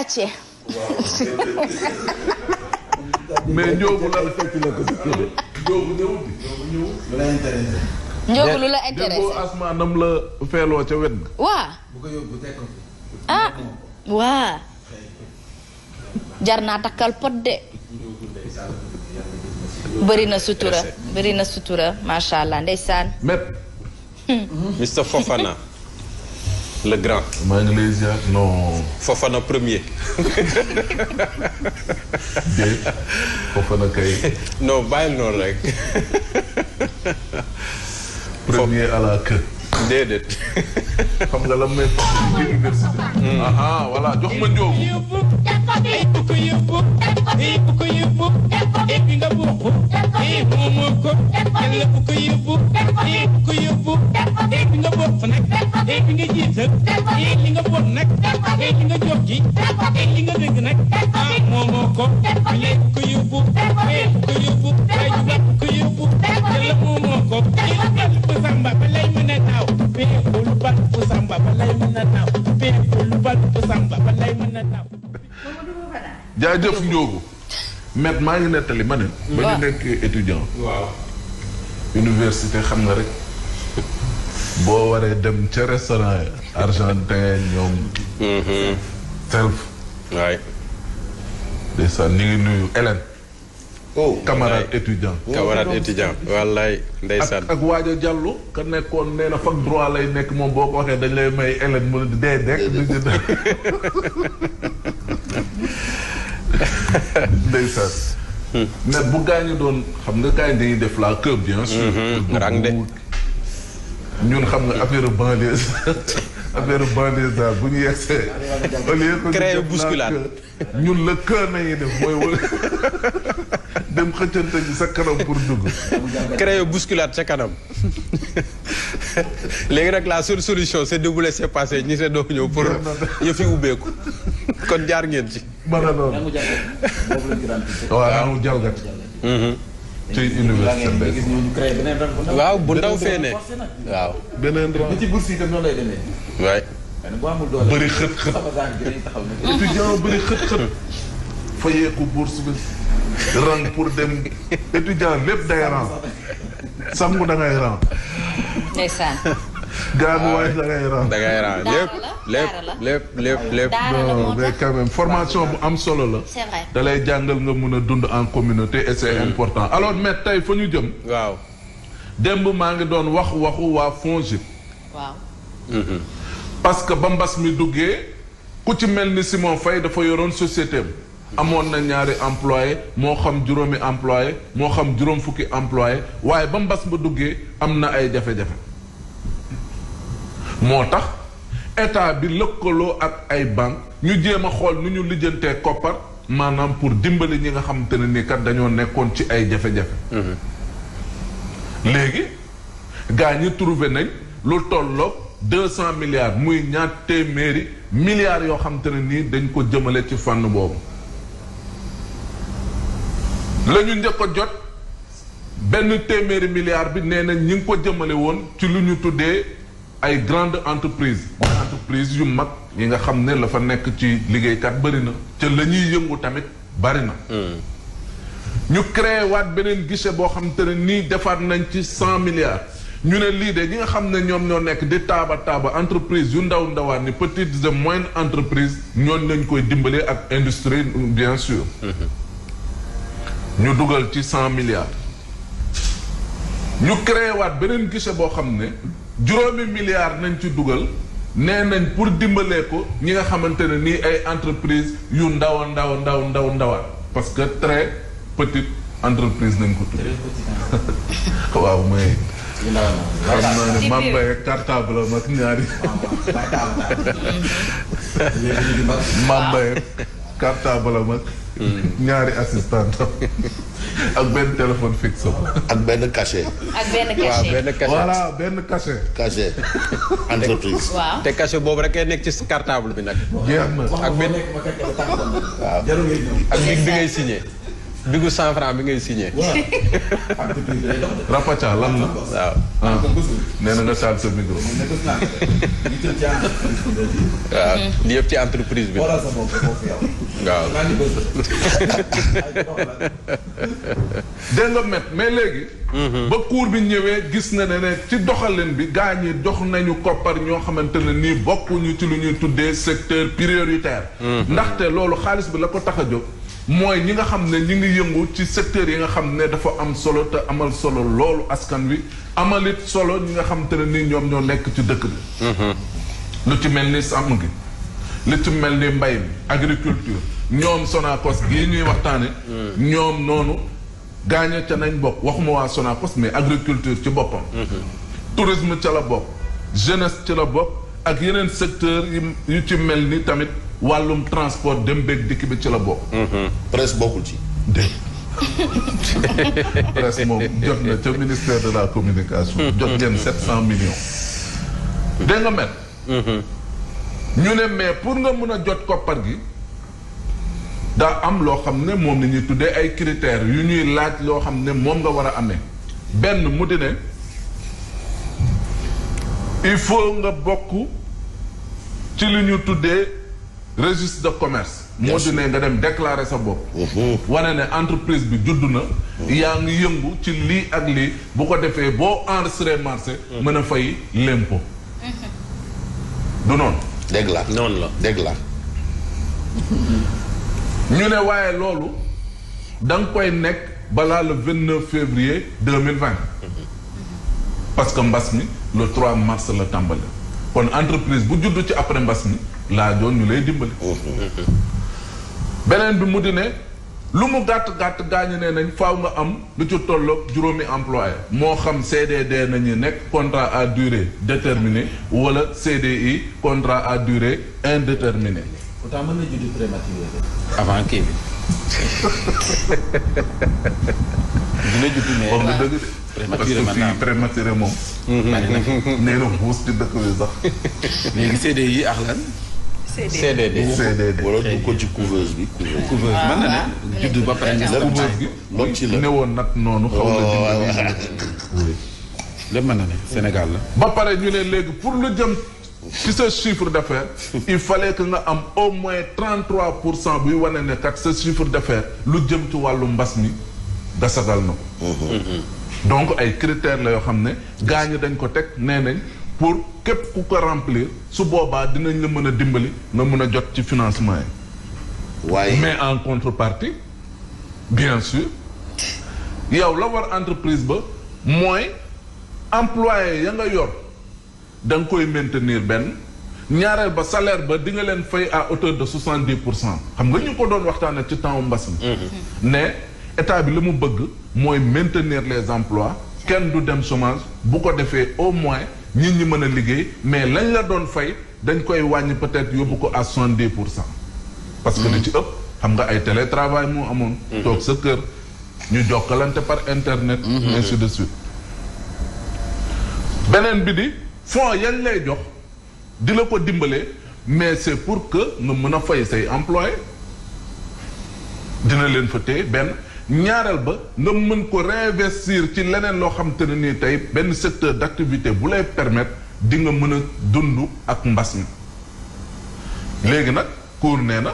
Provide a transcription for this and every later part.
sàccee. mais Ndiobu la Ndiobu ñëwul bi. la intéressé. Ndiobu lu la intéressé Ndiobu asmaa la feeloo ca wet. waa. bu ko yóbbu tekkul. ah waa. jar naa takkal pot de. bëri na sutura bëri na sutura macha allah ndeysaan. met. Hmm. Mr Fofana. le grand. maa ngi lay ziar non. Fofana premier. déet Fofana kay. non bàyyil noonu rek. premier à la queue. déedéet. xam nga la may fàttali ci université. ah voilà jox ma njóob. li nga bokk nag li nga jox ji li nga jaajëf Ndiogu. maa ngi nettali ma ne. ba ñu nekk étudiant. waaw. université xam nga rek. boo waree dem ca restaurant argentin ñoom. Mm-hmm. ngi nuyu Hélène. oh camarade étudiant. Oh, camarade étudiant wallaay ndeysaan. ak ak waaja Diallo ka nekkoon nee na droit lay nekk moom boo ko waxee dañ lay may Hélène mu dee dekk. ndeysaan. mais bu gaañu doon xam nga gaañ dañuy def la que bien sûr. Mhm, rang de ñun xam nga affaire banlieue affaire banlieue daal bu ñu yegsee. au lieu que créer bousculade la kër nañuy def mooy wala dem xëccante sa kanam pour dugg. créer bousculade sa kanam léegi nag la seule solution c'est de vous laisser passer ñi se doo ñëw pour yëf yi ubbeeku kon jaar ngeen ci. mën na noonu nangu jalgat boobu mhm. ci université bi gis ñu créé beneen rang waaw bu ndaw fee waaw beneen rang ci bourse yi tam noonu lay bëri xët xët étudiant bëri xët xët fayeeku bourse bi rang pour dem étudiant lépp day rang sangu da ngay rang gaanuwaay da ngay raam lépp lépp lépp lépp formation bu am solo la da lay jàngal nga mun a dund en communauté et c'est mm. important alors mais tey fa ñu jëm waaw démb maa ngi doon wax waxu waa FONGIP waaw mm-hmm. parce ba mbas mi duggee ku ci mel ni Simon Faye dafa yoroon société amoon na ñaari employé moo xam juróomi employé moo xam juróom fukki employé waaye ba mbas ma duggee am na ay jafe-jafe moo tax état bi lëkkaloo ak ay banque ñu jéem a xool nu ñu lijjantee koppar maanaam pour dimbali ñi nga xamante ne nii kat dañoo nekkoon ci ay jafe-jafe. léegi gaa ñi trouvé nañ lu tolloog deux cent milliards muy ñaar téeméeri milliards yoo xamante ne nii dañ ko jëmale ci fànn boobu. lañu ñu njëkk jot benn téeméeri milliard bi nee na ñi ngi ko jëmale woon ci lu ñu tuddee. ay grande entreprise entreprise yu mag yi nga xam ne la fa nekk ci liggéeykat bëri na ca la ñuy yëngu tamit bëri na hmm. ñu créé waat beneen gise boo xam te ne nii defaat nañ ci cent milliards ñu ne lii de ñi nga xam ne ñoom ñoo nekk di taaba taaba entreprise yu ndaw ndawaan ni petites et moyennes entreprise ñooñ nañ koy dimbalee ak industrie bien sûr ñu dugal ci cent milliards ñu créé waat beneen gise boo xam ne juróomi milliards nañ ci dugal nee nañ pour dimbalee ko ñi nga xamante ne nii ay entreprise yu ndaw ndaw ndaw ndaw ndawaan parce que très petite entreprise nañ ko tudd waaw mooy xam naa ne ñaari mam baye cartable ñaari assistant ak benn téléphone fixe. ak benn cachet. ak benn cachet waaw benn cachet. cachet. cachet entreprise. te cachet boobu rek nekk ci cartable bi nag. ak benn. bi ngay signé. bigu cent franc bi ngay signé. rapaca lan la. waaw ah. nee na nga taal sa micro. waaw li yëpp ci entreprise bi. waaw. dégg nga met mais léegi. Mhm. ba cour bi ñëwee gis na ne ne ci doxalin bi gaa ñi dox nañu koppar ñoo xamante ne nii bokkuñu ci lu ñuy tuddee secteur prioritaire. Mhm. ndaxte loolu xaalis bi la ko tax a jóg. mooy ñi nga xam ne ñi ngi yëngu ci secteur yi nga xam ne dafa am solo te amal solo loolu askan wi amalit solo ñi nga xam te ne nii ñoom ñoo nekk ci dëkk bi mm-hmm. lu ci mel ni sàmm gi lu ci mel ni mbay mi agriculture ñoom Sonacos yi ñuy waxtaane mm. ñoom noonu gaañe ca nañ bokk waxuma waa Sonacos mais agriculture ci boppam mm-hmm. tourisme ca la bokk jeunesse ci la bokk ak yeneen secteur yu ci mel ni tamit wàllum transport dem beeg dikk bi ci la bokk. Mhm. presse bokkul ci. dégg presse moom jot na ca ministère de la communication. Mhm. jot ngeen sept cent millions. dégg nga met mhm. ñu ne mais pour nga mën a jot koppar gi. daa am loo xam ne moom la ñuy tuddee ay critères yu ñuy laaj loo xam ne moom nga war a ame benn mu di il faut nga bokk ci lu ñu tuddee. registre de commerce. moo di ne nga dem déclarer sa bopp. wane ne entreprise bi juddu na. yaa ngi yëngu ci lii ak lii bu ko defee boo enregistré marché. Hmm. mën a fay l'impôt. Hmm. du noonu. dégg la noonu la dégla la. ñu ne waaye loolu da koy nekk balaa le vingt neuf février deux mille vingt. Hmm. parce que mbas mi le 3 mars la tàmbali kon entreprise bu judd ci après mbas mi. laajoon ñu lay dimbali. beneen bi mu di ne lu mu gàtt gàtt gaañu ne nañ faaw nga am lu ci tolloog juróomi emploie moo xam CDD nañu nekk contrat à durée déterminée wala CDI contrat à dure indéterminée. pourtant mën na juddu prématuré avant kii bi. dina juddu dëgg de. prématuré moom. nee na xuus ci dëkk bi sax. léegi CDI ak lan. CDD CDD wala du ko ci couveuse bi. couveuse ah, mën na ne ah. judd ba pare couveuse bi ne woon nag noonu. xaw na oh, lépp mën na ne Sénégal la. ba pare ñu ne léegi pour lu jëm ci sa chiffre d'affaires il fallait que nga am au moins 33 pour cent buy wane ne kat sa chiffre d'affaires lu jëm ci wàllu mbas mi gasagal na mm-hmm. donc ay critères la yoo xam ne gaañu dañ ko teg nee nañ. pour képp ku ko remplir su boobaa dinañ la mën a dimbali nga mën a jot ci financement yi. waaye mais en contrepartie bien sûr yow la war entreprise ba mooy employé ya nga yoon da koy maintenir benn. ñaareel ba salaire ba di nga leen fay à hauteur de soixante dix pour cent xam nga ñu ko doon waxtaanee ci temps mbas mi. Mm-hmm. ne état bi la mu bëgg mooy maintenir les emplois kenn du dem chômage bu ko defee au moins nit ñi mën a liggéey mais lañ la doon fay dañ koy wàññi peut-être yóbbu ko à soixante-dix pour cent. parce que li ci ëpp xam nga ay télétravail moo amoon. Mm-hmm. toog sa kër ñu jokkalante par internet. Mm-hmm. ainsi de suite. beneen bi di fonds yañ lay jox di la ko dimbalee mais c'est pour que nga mën a fay say employé dina leen fa téye benn. ñaareel ba nga mën ko réinvestir ci leneen loo xam te ne nii tey benn secteur d' activité bu lay permettre di nga mën a dund ak mbas mi léegi nag Cour nee na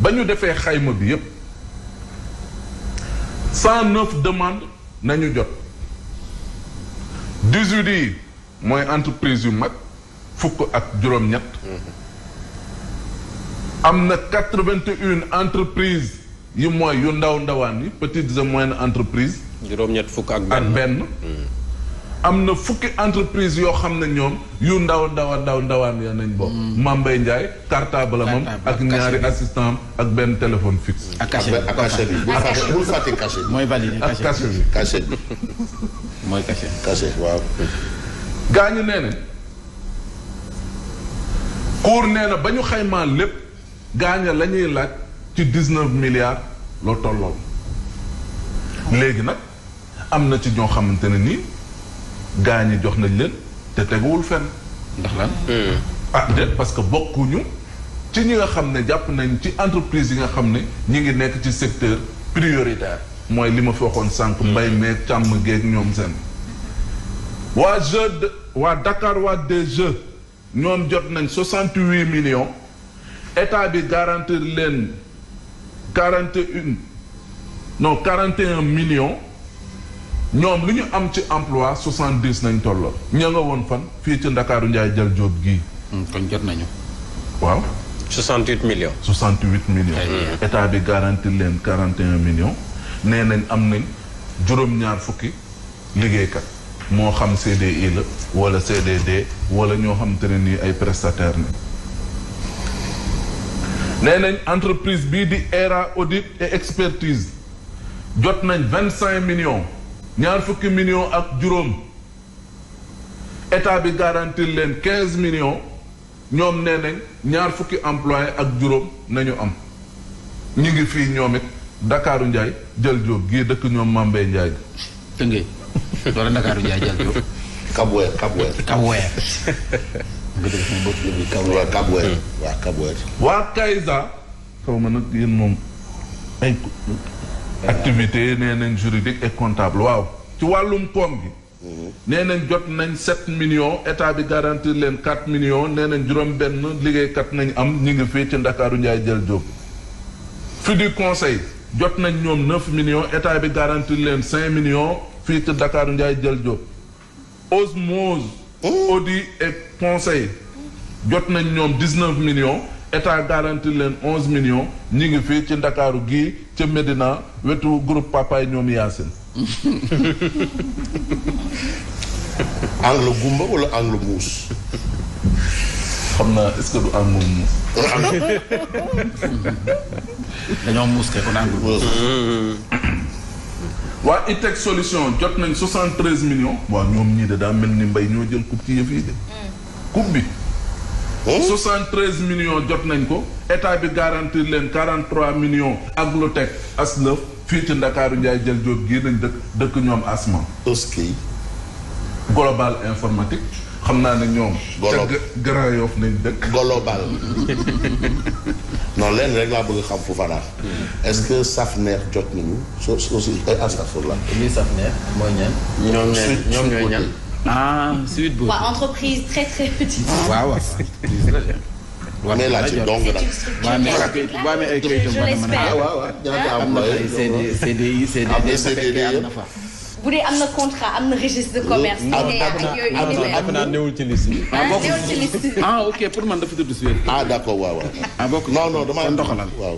ba ñu defee xayma bi yëpp cent neuf demande nañu jot dix-huit yi mooy entreprise yu mag fukk ak juróom-ñett mm-hmm. am na quatre-vingt-une entreprise yi mooy yu ndaw ndawaan yi petites et moyennes juróom-ñett fukk ak benn hmm. na fukki entreprise yoo xam ne ñoom yu ndaw ndaw ndaw ndawaan ya nañ boo hmm. Mame Mbaye Ndiaye cartable amam ak ñaari assistant ak benn téléphone fixe. ak cachet bi bul fàtte cachet bi. mooy validé ak cachet bi cachet gaañu nee na. cour na ba ñu xaymaa lépp gaaña la laaj. ci dix-neuf milliards loo tolloon léegi nag am na ci ñoo xamante ne nii gaa ñi jox nañ leen te teguwul fen ndax lan hmm. ah déet parce que bokkuñu ci ñi nga xam ne jàpp nañ ci entreprise yi nga xam ne ñi ngi nekk ci secteur prioritaire mooy li ma fi waxoon sànq hmm. mbay meeg càmm geeg ñoom seen waa jeu waa Dakar waa DGE ñoom jot nañ soixante-huit millions état bi garantir leen quarante et une non quarante un millions ñoom li ñu am ci emploi soixante dix nañ tolloo. ña nga woon fan fii ci Ndakaaru Njaay jël jóob gii. kon jot nañu. waaw. 68 millions. 68 millions. état bi garanti leen 41 millions. nee nañ am nañ juróom-ñaar fukki liggéeykat moo xam CDI la wala CDD wala ñoo xam te ne ay prestataire ne nee nañ entreprise bii di ERA audit et expertise jot nañ vingt cinq millions ñaar fukki millions ak juróom état bi garantir leen quinze millions ñoom nee ñaar fukki employé ak juróom nañu am ñu ngi fii ñoom it Dakaaru Njaay jël jóob gii dëkk ñoom Mambey Njaay gi tëngee wala Dakaaru Njaay jël jóob Cap Vert Cap Vert Cap waa Cap-Vert waa Cap-Vert waa Kayza ma nag yéen moom ay activité nee juridique et comptable waaw ci wàllum koom bi nee nañ jot nañ sept million état bi garantir leen quatre million nee nañ juróom benn liggéeykat nañ am ñu ngi fii ci Ndakaaru Njaay jël jóg fi du conseil jot nañ ñoom neuf millions état bi garantir leen cinq millions fii ci Ndakaaru Njaay jël jóg Eh? audit et conseil jot nañ ñoom dix-neuf millions état garanti leen onze millions ñi ngi fii ci ndakaaru gi ci Médina wetu groupe papaay ñoom Yacine angle gumba wala angle muus xam naa est-ce que du angle muus dañoo muus kay kon angle muus waa ITEC solution jot nañ 73 millions. waaw ñoom ñii de daa mel ni mbay ñoo jël coupe ci yëf yi de. Hmm. coupe bi. 73 hmm? millions jot nañ ko. état bi garantir leen 43 millions. ak lu teg as fii ci Ndakaaru Ndiaye jël jóob gii nañ dëkk dëkk ñoom asma. Global informatique. xam naa ne ñoom. golo Grand Yoff nañ dëkk. laa bëgg xam Fofana. Mm-hmm. est-ce que saf neex jot nañu. soo si ay astafurla. Mm-hmm. lii saf neex mooy ñan. ñoom ñooy ñoom ñooy ñan. ah suite boobu. waaw entreprise très très petite. waaw waaw. mais laaj ci dong nag. waa mais waa mais ay kayitam. je l'espère ah, waaw waaw. ñaata ah, ah, am na ay CDI CDI am na CDD yëpp. bu dee am na contrat am na registre de commerce. am na newul ci liste bi. newul ci liste bi. ah ok pour man dafa tudd si yéen. ah d' accord waaw waaw. ah bokk non non damaa doxalal waaw.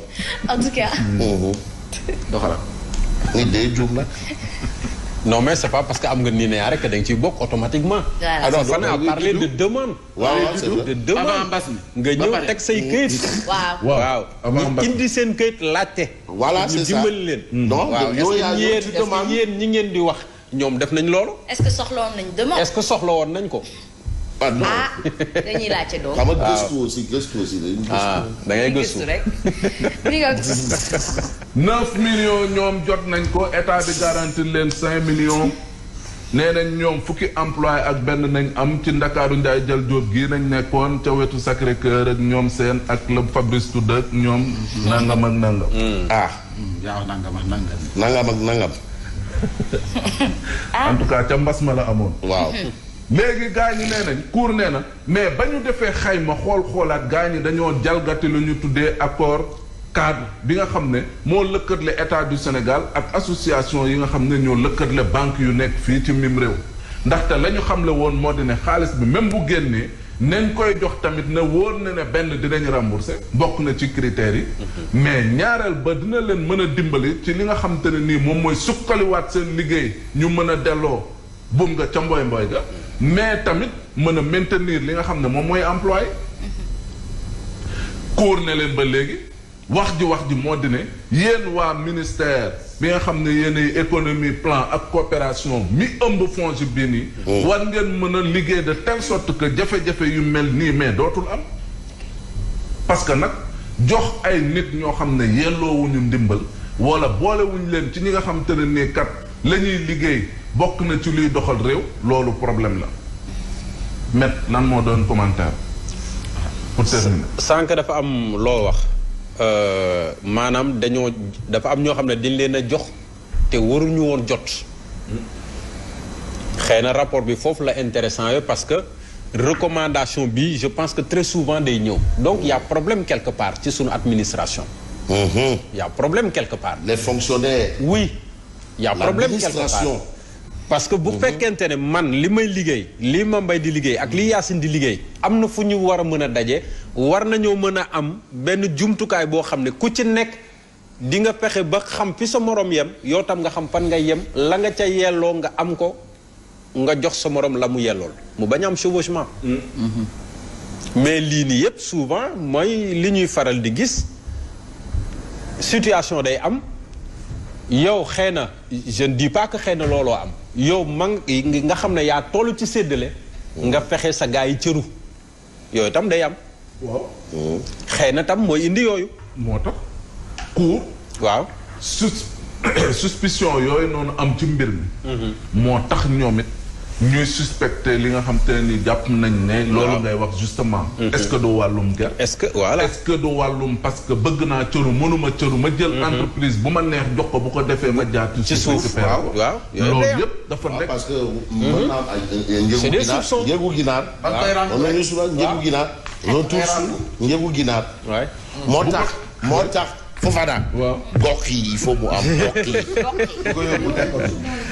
en tout cas. Mhm. doxalal. nit day juum nag. non mais c'est pas parce que am nga NINEA rek que da nga ciy bokk automatiquement. voilà alors on a parlé de demande. waaw de demande nga ñëw teg say këyit. waaw waaw ñu indi seen këyit laajte. voilà c'est ça ñu dimbali leen. Mm. donc yooyu yéen ñi ngeen di wax ñoom def nañ loolu. est-ce que soxla woon est-ce que soxla woon nañ ko. ah non gëstu aussi gëstu aussi dañuy gëstu. ah da rek. neuf millions ñoom jot nañ ko état bi garantir leen cinq million nee nañ ñoom fukki employé ak benn nañ am ci ndakaaru njaay jël jóob gii nañ nekkoon ca wetu Sacré ak ñoom seen ak club Fabrice Tudde ak ñoom nangam ak nangam mm. ah mm, yaaw nangam ak nangam nangam ak nangam tout cas ca mbas ma la amoon waaw léegi gaa ñi nee nañ cour nee na mais ba ñu defee xayma xool-xoolaat gaa ñi dañoo jalgati lu ñu tuddee accord cadre bi nga xam ne moo lëkkat lëkkale état du Sénégal ak association yi nga xam ne ñoo lëkkale banque yu nekk fii ci mim réew ndaxte la ñu xamle woon moo dina xaalis bi même bu génnee nañ koy jox tamit ne wóor na ne benn dinañ rembourser bokk na ci critères yi. mais ñaareel ba dina leen mën a dimbali ci li nga xam te ne nii moom mooy sukkaliwaat seen liggéey ñu mën a delloo. buum nga ca mboy mboy ga mais tamit mën a maintenir li nga xam ne moom mooy employé kóor ne leen ba léegi wax ji wax ji moo di ne yéen waa ministère bi nga xam ne yéen ay économie plan ak coopération mi ëmb fonds bi nii mm. war ngeen mën a liggéey de telle sorte que jafe-jafe yu mel nii mais dootul am parce que nag jox ay nit ñoo xam ne yelloowuñu ndimbal wala boolewuñu leen ci ñi nga xam te ne nii kat la ñuy liggéey bokk na ci luy doxal réew loolu problème la met lan moo doon commentaire pour terminer sànq dafa am loo wax euh, maanaam dañoo dafa am ñoo xam ne dañ leen a jox te waruñu woon jot xëy na rapport bi foofu la intéressant yo parce que recommandation bi je pense que très souvent day ñëw donc y a problème quelque part ci suñu administration mm-hmm. y problème quelque part les fonctionnaires oui yaa a problème quelque part parce que bu mhm. fekkente ne man li may liggéey li ma mbay di liggéey ak li yaasin di liggéey am na fu ñu war a mën a daje war nañoo mën a am benn jumtukaay boo xam ne ku ci nekk di nga fexe ba xam fi sa morom yem yoo tam nga xam fan nga yem la nga ca yelloo nga am ko nga jox sa morom la mu yellool mu bañ am chevauchement mm. mhm. mais lii nii yëpp souvent mooy li ñuy faral di gis situation day am yow xëy na je ne dis xëy na looloo am yow man nga xam ne yaa toll ci séddale. nga fexe sa gaa yi cëru. yooyu tam day am. waaw. Hmm. xëy na tam mooy indi yooyu. moo tax cour. waaw sus suspicion yooyu noonu am ci mbir mi. Hmm. moo tax ñoom ñuy suspecté li nga xam te ne ni jàpp nañ ne. loolu ngay wax justement. Mhm. est-ce que du wàllum ger. est-ce que voilà est wàllum parce que bëgg naa cëru mënuma cëru ma jël. Mhm. entreprise bu ma neex jox ko bu ko defee ma jaar. ci suuf waaw waaw loolu yëpp dafa nekk. parce que mhm. mën naa ay njëgu ginaar njëgu ginaar. njëgu ginaar. loolu tuuti njëgu ginaar. waay moo tax moo tax. Fofana. waaw gox yi il faut mu am gox yi.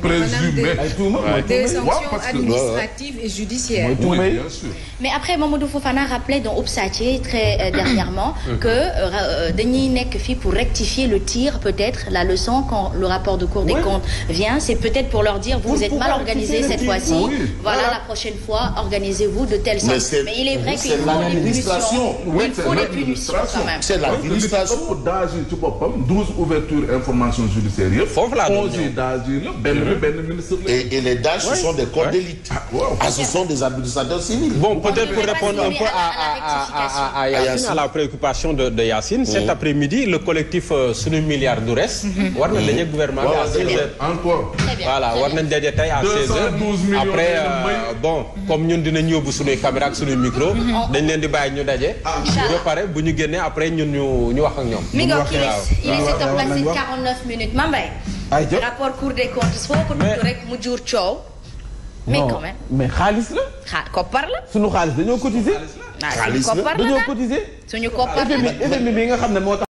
présumé. présumé ay des sanctions administratives et judiciaires. mais après Mamadou Fofana rappelait dans Obsatché très euh, dernièrement. Mm-hmm. que euh, euh, dañuy nekk fii pour rectifier le tir peut-être la leçon quand le rapport de Cour des comptes vient c'est peut-être pour leur dire vous êtes mal organisé cette fois-ci. voilà la prochaine fois organisez-vous de telle sorte. mais il est vrai qu'il faut des punitions il faut des punitions quand même. c'est l'administration. ci boppam douze ouvertures information Euh, et, et, les DASH, ouais, ce sont des corps ouais. d'élite. Ah, wow. ah, ce sont des administrateurs civils. Bon, la préoccupation de, de Yacine, mmh. après-midi, le collectif euh, Sunu Milliard d'Oures, mm-hmm. war nañ daje mm-hmm. gouvernement bi à 16 Voilà, war nañ daje tey à 16h. Après, euh, bon, comme ñun dinañ yóbbu sunuy caméra ak sunuy micro, mm-hmm. dañ leen di bàyyi ñu daje. Ah, ba pare bu ñu génnee après ñun ñu ñu wax ak ñoom. Mi ngi il ayca rapport cour des comptes foo ko tudd rek mu jur coow. mais quand mais xaalis la. xa koppar la. suñu xaalis dañoo cotiser. xaalis la dañoo cotiser. suñu koppar la dañoo cotiser. suñu koppar la FMI nga xam ne moo tax.